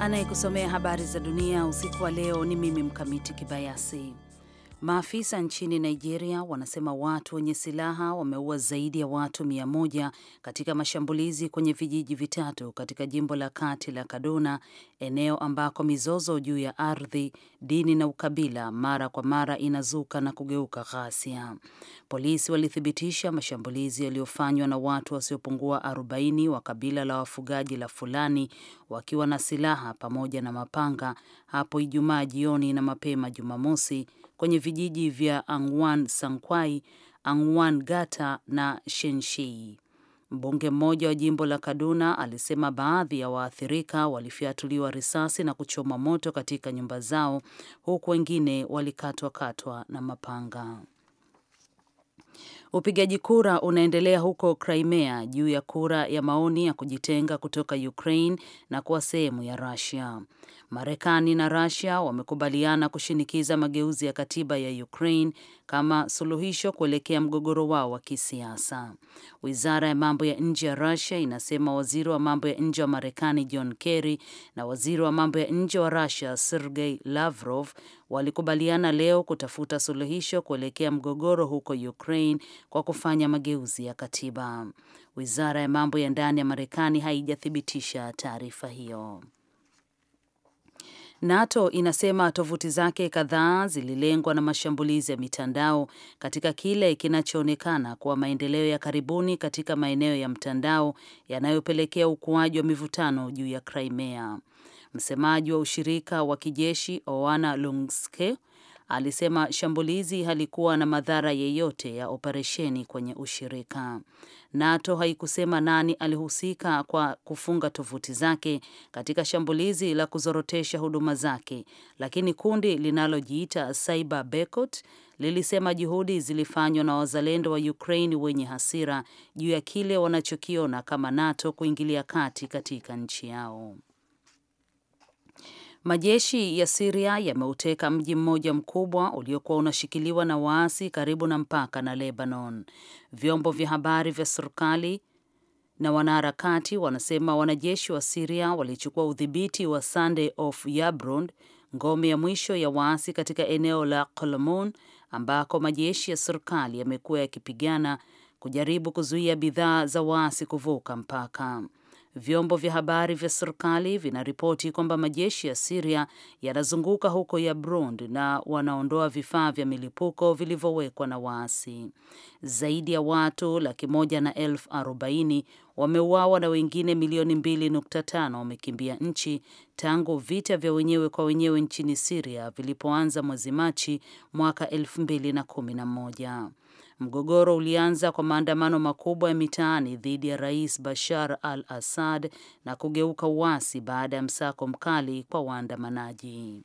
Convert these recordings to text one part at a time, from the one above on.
Anayekusomea habari za dunia usiku wa leo ni mimi Mkamiti Kibayasi. Maafisa nchini Nigeria wanasema watu wenye silaha wameua zaidi ya watu mia moja katika mashambulizi kwenye vijiji vitatu katika jimbo la kati la Kaduna, eneo ambako mizozo juu ya ardhi, dini na ukabila mara kwa mara inazuka na kugeuka ghasia. Polisi walithibitisha mashambulizi yaliyofanywa na watu wasiopungua 40 wa kabila la wafugaji la Fulani wakiwa na silaha pamoja na mapanga hapo Ijumaa jioni na mapema Jumamosi kwenye vijiji vya Angwan Sankwai, Angwan Gata na Shenshei. Mbunge mmoja wa jimbo la Kaduna alisema baadhi ya waathirika walifyatuliwa risasi na kuchoma moto katika nyumba zao huku wengine walikatwakatwa na mapanga. Upigaji kura unaendelea huko Crimea juu ya kura ya maoni ya kujitenga kutoka Ukraine na kuwa sehemu ya Russia. Marekani na Russia wamekubaliana kushinikiza mageuzi ya katiba ya Ukraine kama suluhisho kuelekea mgogoro wao wa kisiasa. Wizara ya mambo ya nje ya Russia inasema waziri wa mambo ya nje wa Marekani John Kerry na waziri wa mambo ya nje wa Russia Sergei Lavrov walikubaliana leo kutafuta suluhisho kuelekea mgogoro huko Ukraine kwa kufanya mageuzi ya katiba. Wizara ya mambo ya ndani ya Marekani haijathibitisha taarifa hiyo. NATO inasema tovuti zake kadhaa zililengwa na mashambulizi ya mitandao katika kile kinachoonekana kuwa maendeleo ya karibuni katika maeneo ya mtandao yanayopelekea ukuaji wa mivutano juu ya Crimea. Msemaji wa ushirika wa kijeshi Oana Lungske alisema shambulizi halikuwa na madhara yeyote ya operesheni kwenye ushirika. NATO haikusema nani alihusika kwa kufunga tovuti zake katika shambulizi la kuzorotesha huduma zake, lakini kundi linalojiita Cyber Boycott lilisema juhudi zilifanywa na wazalendo wa Ukraine wenye hasira juu ya kile wanachokiona kama NATO kuingilia kati katika nchi yao. Majeshi ya Siria yameuteka mji mmoja mkubwa uliokuwa unashikiliwa na waasi karibu na mpaka na Lebanon. Vyombo vya habari vya serikali na wanaharakati wanasema wanajeshi wa Siria walichukua udhibiti wa Sunday of Yabrund, ngome ya mwisho ya waasi katika eneo la Kolmun ambako majeshi ya serikali yamekuwa yakipigana kujaribu kuzuia bidhaa za waasi kuvuka mpaka. Vyombo vya habari vya serikali vinaripoti kwamba majeshi ya Siria yanazunguka huko Yabrund na wanaondoa vifaa vya milipuko vilivyowekwa na waasi. Zaidi ya watu laki moja na elfu arobaini wameuawa na wengine milioni mbili nukta tano wamekimbia nchi tangu vita vya wenyewe kwa wenyewe nchini Siria vilipoanza mwezi Machi mwaka elfu mbili na kumi na moja. Mgogoro ulianza kwa maandamano makubwa ya mitaani dhidi ya Rais Bashar al Assad na kugeuka uasi baada ya msako mkali kwa waandamanaji.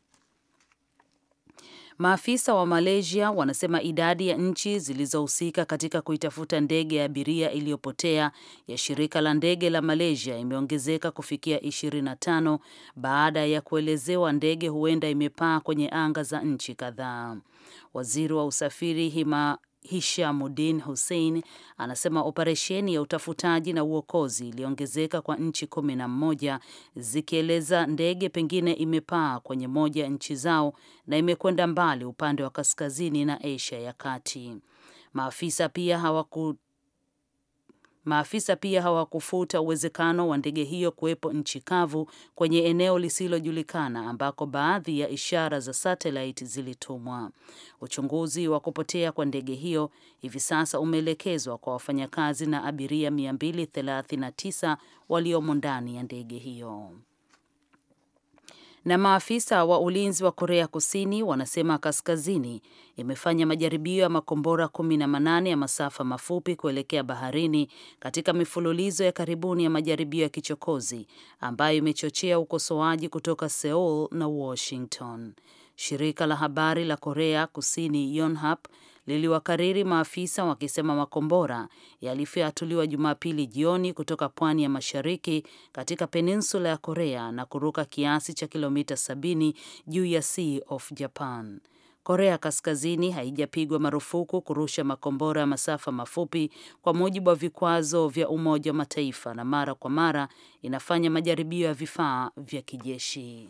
Maafisa wa Malaysia wanasema idadi ya nchi zilizohusika katika kuitafuta ndege ya abiria iliyopotea ya shirika la ndege la Malaysia imeongezeka kufikia 25 baada ya kuelezewa ndege huenda imepaa kwenye anga za nchi kadhaa. Waziri wa usafiri Hima Hishamuddin Hussein anasema operesheni ya utafutaji na uokozi iliongezeka kwa nchi kumi na mmoja zikieleza ndege pengine imepaa kwenye moja ya nchi zao na imekwenda mbali upande wa kaskazini na Asia ya kati. Maafisa pia hawaku Maafisa pia hawakufuta uwezekano wa ndege hiyo kuwepo nchi kavu kwenye eneo lisilojulikana ambako baadhi ya ishara za satellite zilitumwa. Uchunguzi wa kupotea kwa ndege hiyo hivi sasa umeelekezwa kwa wafanyakazi na abiria 239 waliomo ndani ya ndege hiyo na maafisa wa ulinzi wa Korea Kusini wanasema kaskazini imefanya majaribio ya makombora 18 ya masafa mafupi kuelekea baharini katika mifululizo ya karibuni ya majaribio ya kichokozi ambayo imechochea ukosoaji kutoka Seoul na Washington. Shirika la habari la Korea Kusini Yonhap liliwakariri maafisa wakisema makombora yalifyatuliwa Jumapili jioni kutoka pwani ya mashariki katika peninsula ya Korea na kuruka kiasi cha kilomita 70 juu ya Sea of Japan. Korea Kaskazini haijapigwa marufuku kurusha makombora ya masafa mafupi kwa mujibu wa vikwazo vya Umoja wa Mataifa na mara kwa mara inafanya majaribio ya vifaa vya kijeshi.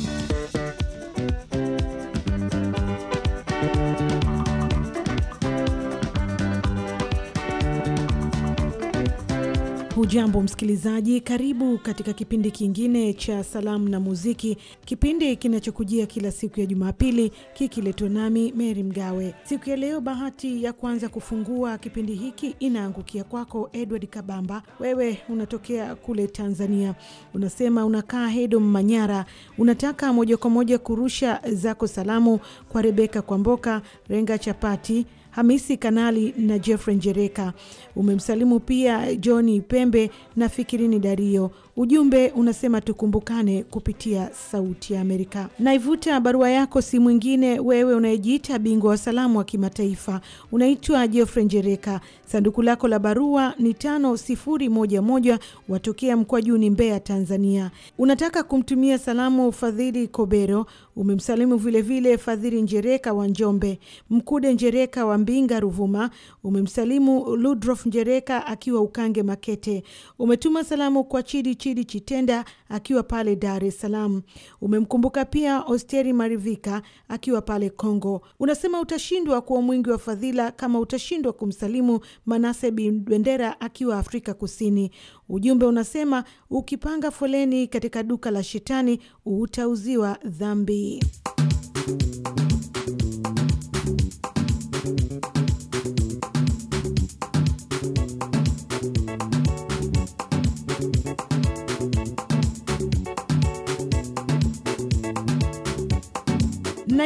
Hujambo msikilizaji, karibu katika kipindi kingine cha salamu na muziki, kipindi kinachokujia kila siku ya Jumapili kikiletwa nami Meri Mgawe. Siku ya leo, bahati ya kuanza kufungua kipindi hiki inaangukia kwako Edward Kabamba. Wewe unatokea kule Tanzania, unasema unakaa Hedom, Manyara. Unataka moja kwa moja kurusha zako salamu kwa Rebeka Kwamboka, Renga Chapati Hamisi Kanali na Jeffrey Njereka. Umemsalimu pia Johni Pembe na Fikirini Dario Ujumbe unasema tukumbukane kupitia Sauti ya Amerika. Naivuta barua yako, si mwingine wewe unayejiita bingwa wa salamu wa kimataifa, unaitwa Geoffrey Njereka. Sanduku lako la barua ni tano sifuri moja moja watokea mkoa juni Mbeya, Tanzania. Unataka kumtumia salamu Fadhili Kobero, umemsalimu vilevile Fadhili Njereka wa Njombe, Mkude Njereka wa Mbinga Ruvuma, umemsalimu Ludrof Njereka akiwa Ukange Makete. Umetuma salamu kwa Chidi Chidi Rashidi Chitenda akiwa pale Dar es Salaam. Umemkumbuka pia Osteri Marivika akiwa pale congo Unasema utashindwa kuwa mwingi wa fadhila kama utashindwa kumsalimu Manase Bendera akiwa Afrika Kusini. Ujumbe unasema ukipanga foleni katika duka la shetani utauziwa dhambi.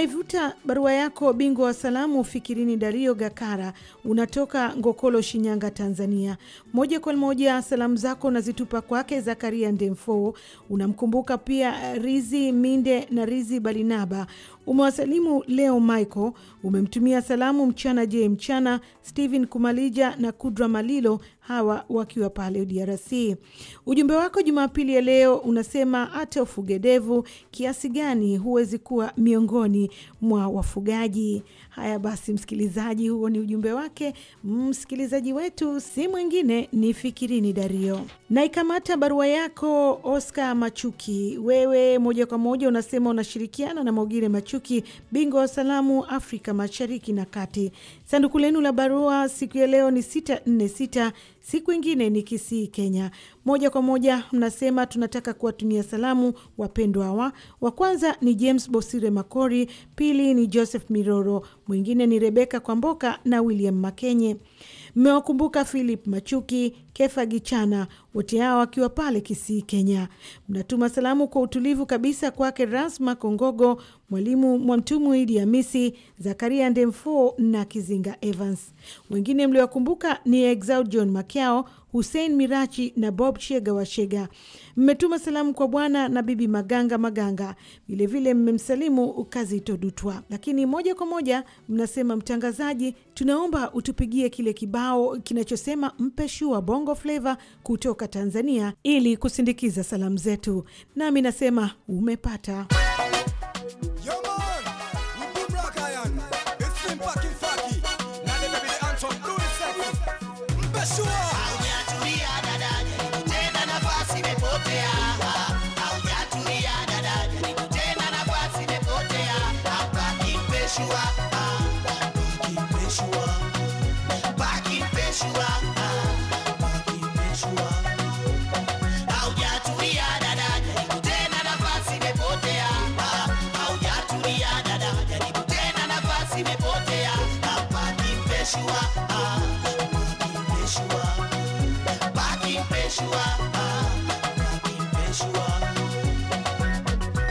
vous Tumepata barua yako bingwa wa salamu Fikirini Dario Gakara, unatoka Ngokolo, Shinyanga, Tanzania. Moja kwa moja salamu zako unazitupa kwake Zakaria Ndemfo, unamkumbuka pia eh, Rizi Minde na Rizi Balinaba, umewasalimu Leo Michael, umemtumia salamu Mchana Je Mchana, Stephen Kumalija na Kudra Malilo, hawa wakiwa pale DRC. Ujumbe wako Jumapili ya leo unasema hata ufugedevu kiasi gani huwezi kuwa miongoni mwa wafugaji. Haya basi, msikilizaji, huo ni ujumbe wake msikilizaji wetu, si mwingine ni Fikirini Dario. Naikamata barua yako Oscar Machuki, wewe moja kwa moja unasema unashirikiana na Maugire Machuki, bingwa wa salamu Afrika Mashariki na Kati. Sanduku lenu la barua siku ya leo ni 646 siku ingine ni Kisii, Kenya. Moja kwa moja mnasema tunataka kuwatumia salamu wapendwa wa wa kwanza ni James Bosire Makori, pili ni Joseph Miroro, mwingine ni Rebeka Kwamboka na William Makenye. Mmewakumbuka Philip Machuki, Kefa Gichana, wote hao wakiwa pale Kisii, Kenya. Mnatuma salamu kwa utulivu kabisa kwake Rasma Kongogo, Mwalimu Mwamtumu Idi amisi Zakaria Ndemfo na Kizinga Evans. Wengine mliowakumbuka ni Exau John Makiao Hussein Mirachi na Bob chiega wa Shega. Mmetuma salamu kwa bwana na bibi Maganga Maganga, vilevile mmemsalimu Kazito Dutwa, lakini moja kwa moja mnasema mtangazaji, tunaomba utupigie kile kibao kinachosema mpe shua bongo fleva kutoka Tanzania ili kusindikiza salamu zetu. Nami nasema umepata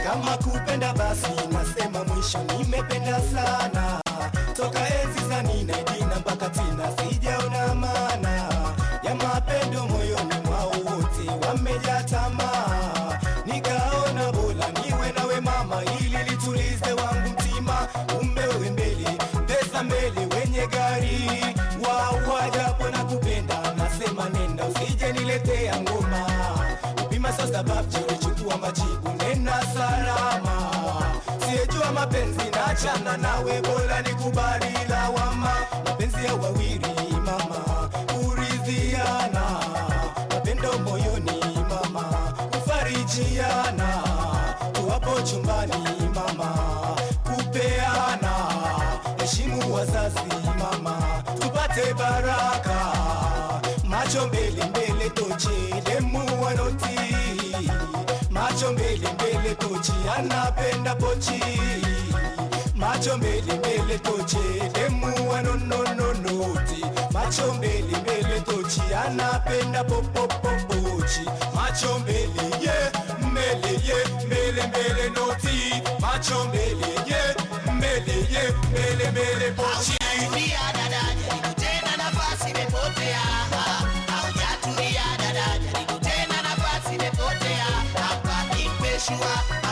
Kama kupenda basi nasema mwisho nimependa sana Achana nawe bora nikubali lawama, mapenzi ya wawili mama, kuridhiana, mapendo moyoni mama, kufarijiana, tuwapo chumbani mama, kupeana, heshimu wazazi mama, tupate baraka, macho mbele mbele, tojelemu wanoti macho mbele mbele, pochi anapenda pochi macho mbele mbele toche demu wanonononoti macho mbele mbele tochi anapenda popopopochi macho mbele ye mbele ye mbele mbele noti macho mbele ye mbele ye mbele mbele pochi Haujatumia dada tena nafasi imepotea Haujatumia dada tena nafasi imepotea Hapa impeshua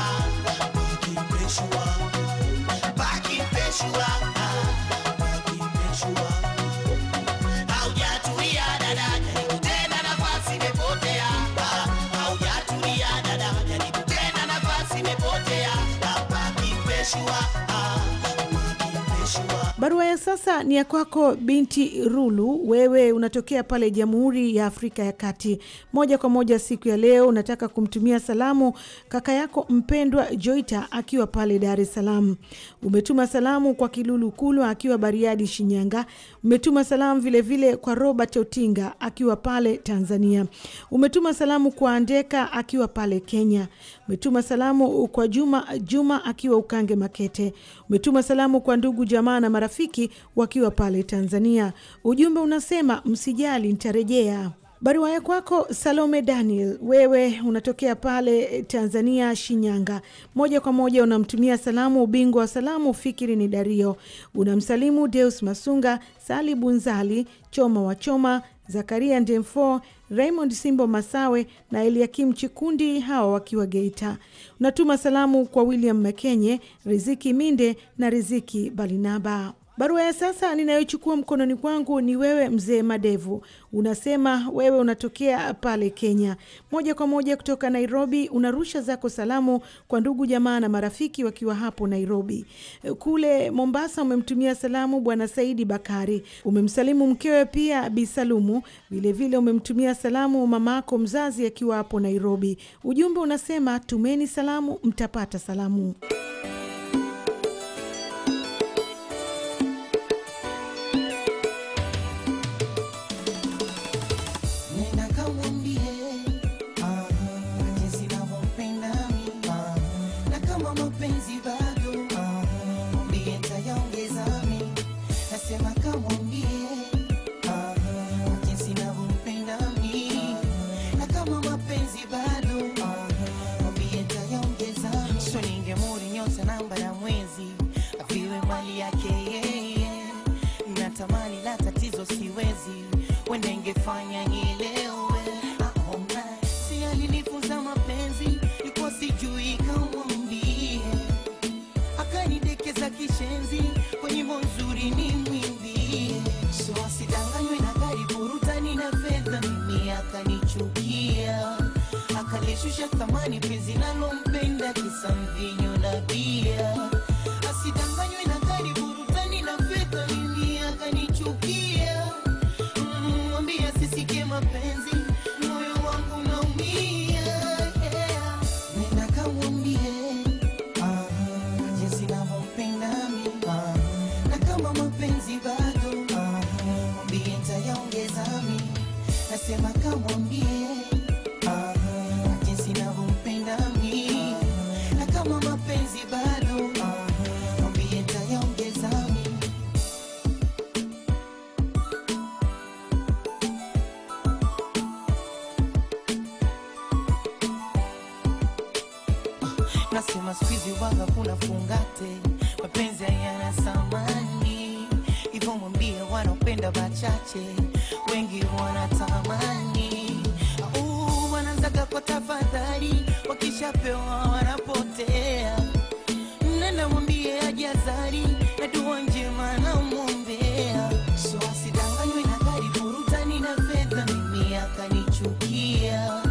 Barua ya sasa ni ya kwako binti Rulu, wewe unatokea pale Jamhuri ya Afrika ya Kati. Moja kwa moja siku ya leo unataka kumtumia salamu kaka yako mpendwa Joita akiwa pale Dar es Salaam. Umetuma salamu kwa Kilulu Kulwa akiwa Bariadi, Shinyanga. Umetuma salamu vilevile vile kwa Robert Otinga akiwa pale Tanzania. Umetuma salamu kwa Andeka akiwa pale Kenya. Umetuma salamu kwa Juma Juma akiwa Ukange Makete. Umetuma salamu kwa ndugu jamaa na marafiki marafiki wakiwa pale Tanzania. Ujumbe unasema msijali, nitarejea. Barua ya kwako Salome Daniel, wewe unatokea pale Tanzania, Shinyanga. Moja kwa moja unamtumia salamu ubingwa wa salamu Fikiri ni Dario, unamsalimu Deus Masunga, Sali Bunzali, Choma wa Choma, Zakaria Ndemfo, Raymond Simbo Masawe na Eliakim Chikundi, hawa wakiwa Geita. Unatuma salamu kwa William mekenye Riziki Minde na Riziki Balinaba. Barua ya sasa ninayochukua mkononi kwangu ni wewe mzee Madevu. Unasema wewe unatokea pale Kenya. Moja kwa moja kutoka Nairobi unarusha zako salamu kwa ndugu jamaa na marafiki wakiwa hapo Nairobi. Kule Mombasa umemtumia salamu bwana Saidi Bakari. Umemsalimu mkewe pia bisalumu Vilevile umemtumia salamu mamako mzazi akiwa hapo Nairobi. Ujumbe unasema tumeni salamu mtapata salamu. nasema kamwambie uh-huh. jinsi navyompenda mi uh-huh. na kama mapenzi bado mwambie uh-huh. ntayaongeza mi nasema skuizi waga kuna fungate mapenzi ayana samani hivyo mwambie wanaopenda wachache wengi wana washapewa wanapotea. Nenda mwambie ajazari na dua njema na mwombea, so asidanganywe na gari burutani na fedha. Mimi akanichukia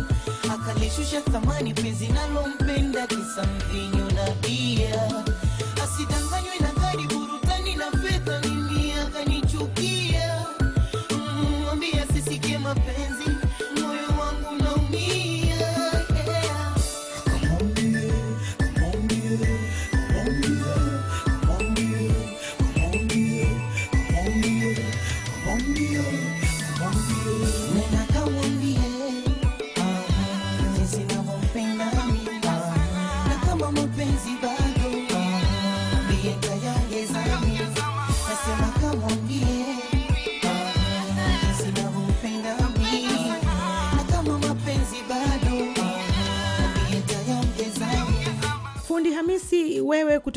akalishusha thamani penzi nalompenda, kisa mvinyo na bia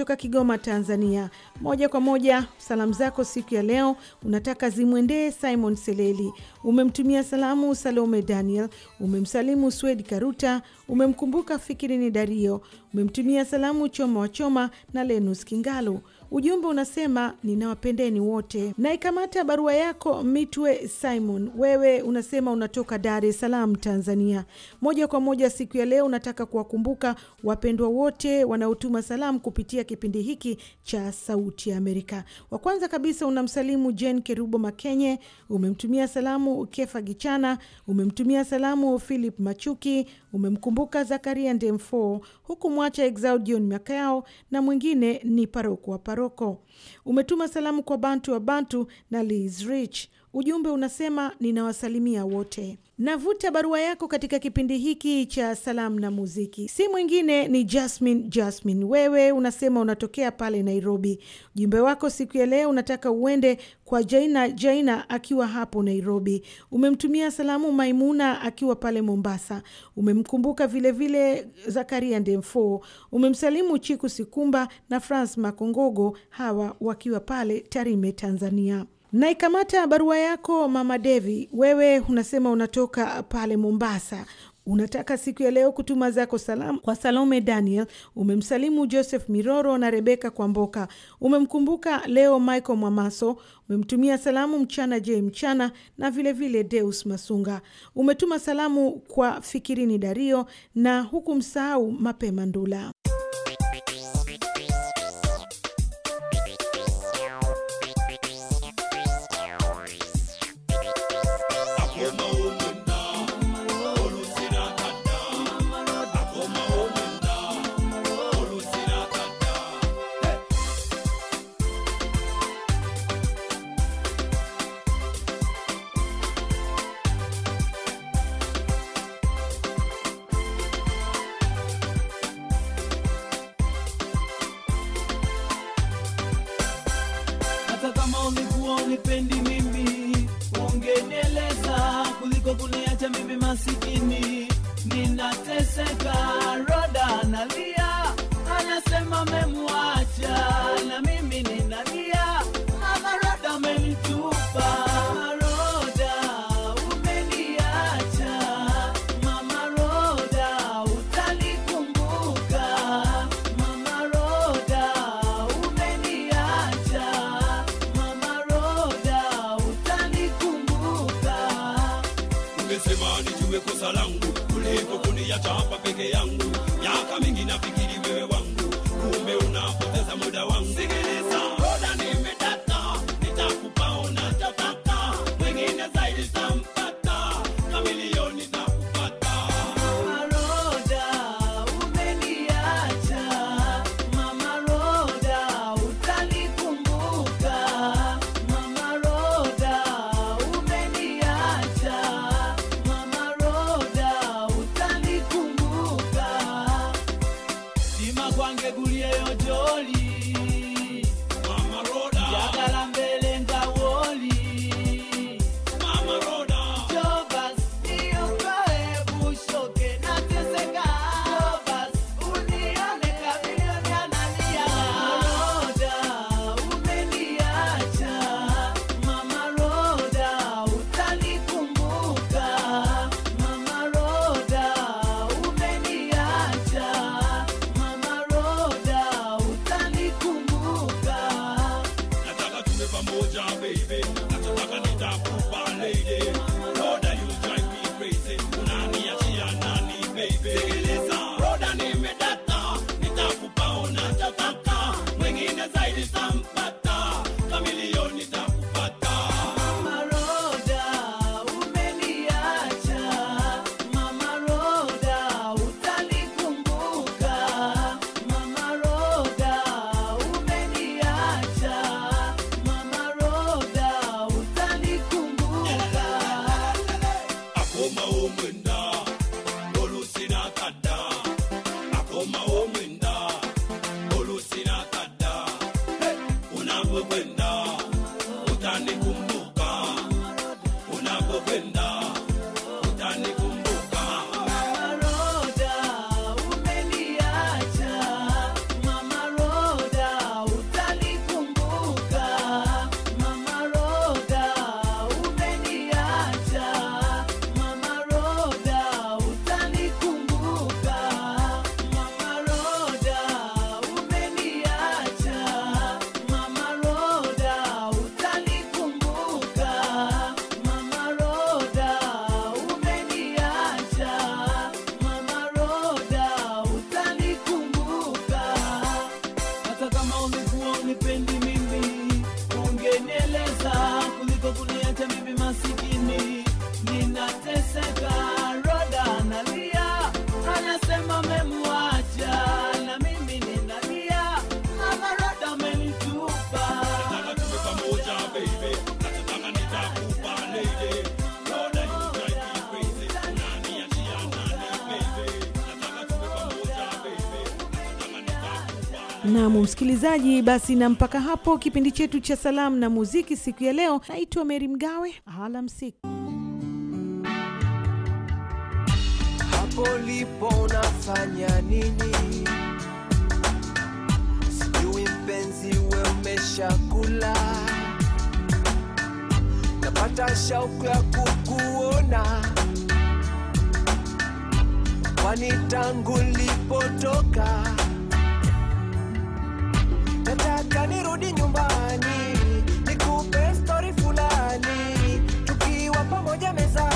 kutoka Kigoma, Tanzania moja kwa moja salamu zako siku ya leo unataka zimwendee Simon Seleli. Umemtumia salamu Salome Daniel, umemsalimu Swedi Karuta, umemkumbuka fikiri ni Dario, umemtumia salamu Choma wa Choma na Lenus Kingalu. Ujumbe unasema ninawapendeni wote. Naikamata barua yako Mitwe Simon, wewe unasema unatoka Dar es Salaam, Tanzania. Moja kwa moja siku ya leo unataka kuwakumbuka wapendwa wote wanaotuma salamu kupitia kipindi hiki cha Sauti Sauti ya Amerika. Wa kwanza kabisa unamsalimu Jen Kerubo Makenye, umemtumia salamu Ukefa Gichana, umemtumia salamu Philip Machuki, umemkumbuka Zakaria Ndemfo, huku mwacha Exaudion Makao na mwingine ni paroko wa paroko. Umetuma salamu kwa Bantu wa Bantu na Liz Rich Ujumbe unasema ninawasalimia wote. Navuta barua yako katika kipindi hiki cha salamu na muziki. Si mwingine ni Jasmine. Jasmine, wewe unasema unatokea pale Nairobi. Ujumbe wako siku ya leo unataka uende kwa Jaina. Jaina akiwa hapo Nairobi, umemtumia salamu Maimuna akiwa pale Mombasa, umemkumbuka vilevile Zakaria Ndemfo, umemsalimu Chiku Sikumba na Franc Makongogo, hawa wakiwa pale Tarime, Tanzania. Naikamata barua yako Mama Devi, wewe unasema unatoka pale Mombasa unataka siku ya leo kutuma zako salamu kwa Salome Daniel, umemsalimu Joseph Miroro na Rebeka Kwamboka, umemkumbuka leo Michael Mwamaso, umemtumia salamu Mchana J Mchana na vilevile vile Deus Masunga, umetuma salamu kwa Fikirini Dario na huku msahau Mapema Ndula. unipendi mimi, ungeneleza kuliko kuniacha mimi masikini, ninateseka. Roda analia, anasema memuacha Nam msikilizaji, basi na mpaka hapo kipindi chetu cha salamu na muziki siku ya leo. Naitwa Meri Mgawe, alamsiki. Hapo lipo unafanya nini? Sijui mpenzi, we umeshakula? Napata shauku ya kukuona, kwani tangu lipotoka nataka nirudi nyumbani, nikupe stori fulani, tukiwa pamoja mezani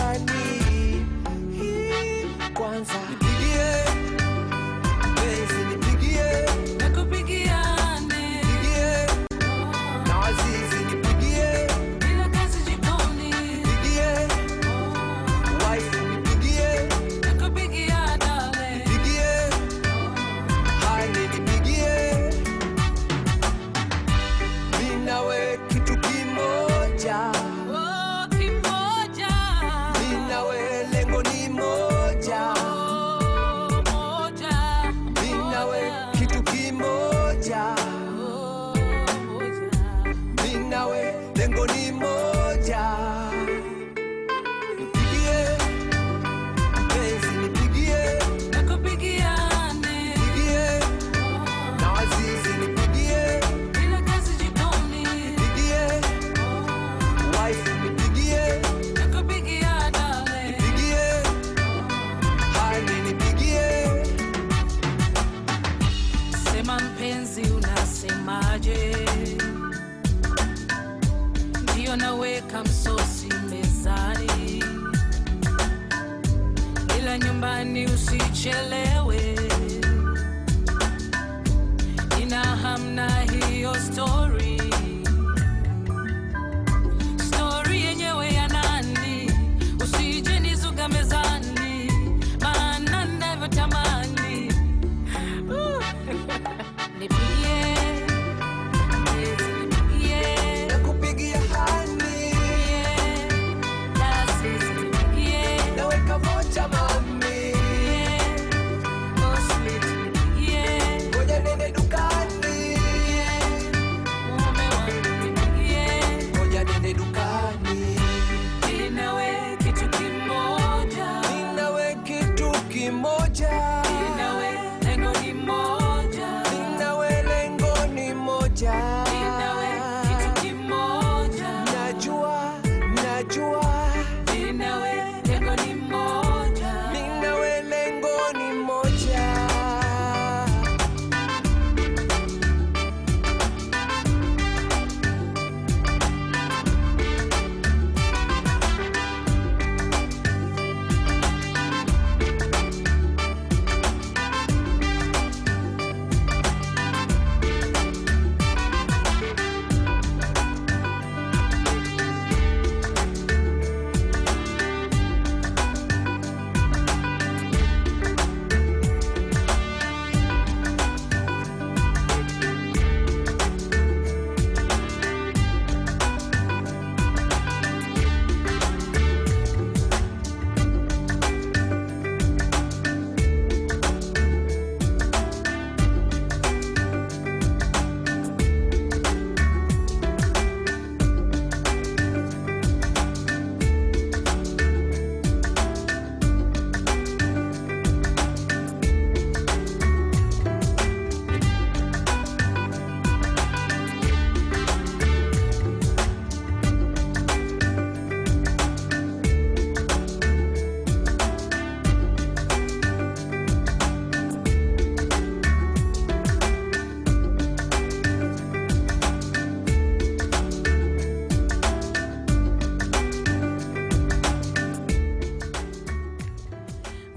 wasemaje? Ndiyo, naweka msosi mezani, ila nyumbani usichelewe, ina hamna hiyo story moja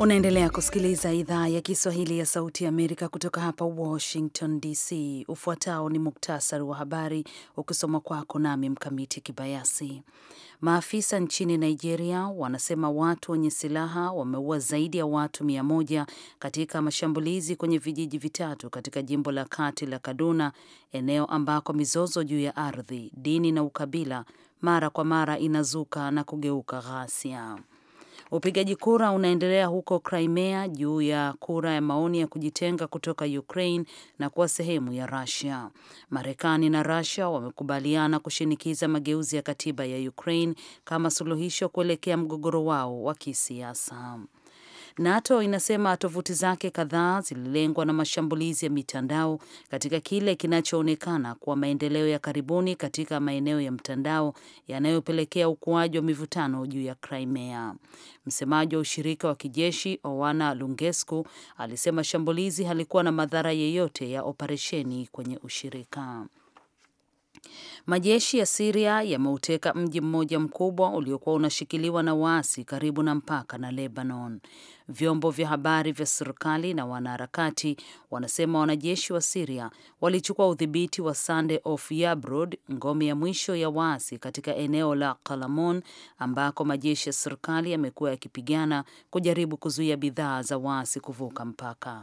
Unaendelea kusikiliza idhaa ya Kiswahili ya Sauti ya Amerika kutoka hapa Washington DC. Ufuatao ni muktasari wa habari ukisoma kwako nami Mkamiti Kibayasi. Maafisa nchini Nigeria wanasema watu wenye silaha wameua zaidi ya watu mia moja katika mashambulizi kwenye vijiji vitatu katika jimbo la kati la Kaduna, eneo ambako mizozo juu ya ardhi, dini na ukabila mara kwa mara inazuka na kugeuka ghasia. Upigaji kura unaendelea huko Crimea juu ya kura ya maoni ya kujitenga kutoka Ukraine na kuwa sehemu ya Russia. Marekani na Russia wamekubaliana kushinikiza mageuzi ya katiba ya Ukraine kama suluhisho kuelekea mgogoro wao wa kisiasa. NATO inasema tovuti zake kadhaa zililengwa na mashambulizi ya mitandao katika kile kinachoonekana kuwa maendeleo ya karibuni katika maeneo ya mtandao yanayopelekea ukuaji wa mivutano juu ya Crimea. Msemaji wa ushirika wa kijeshi Oana Lungescu alisema shambulizi halikuwa na madhara yeyote ya operesheni kwenye ushirika. Majeshi ya Siria yameuteka mji mmoja mkubwa uliokuwa unashikiliwa na waasi karibu na mpaka na Lebanon. Vyombo vya habari vya serikali na wanaharakati wanasema wanajeshi wa Siria walichukua udhibiti wa Sande of Yabrod, ngome ya mwisho ya waasi katika eneo la Kalamon ambako majeshi ya serikali yamekuwa yakipigana kujaribu kuzuia bidhaa za waasi kuvuka mpaka.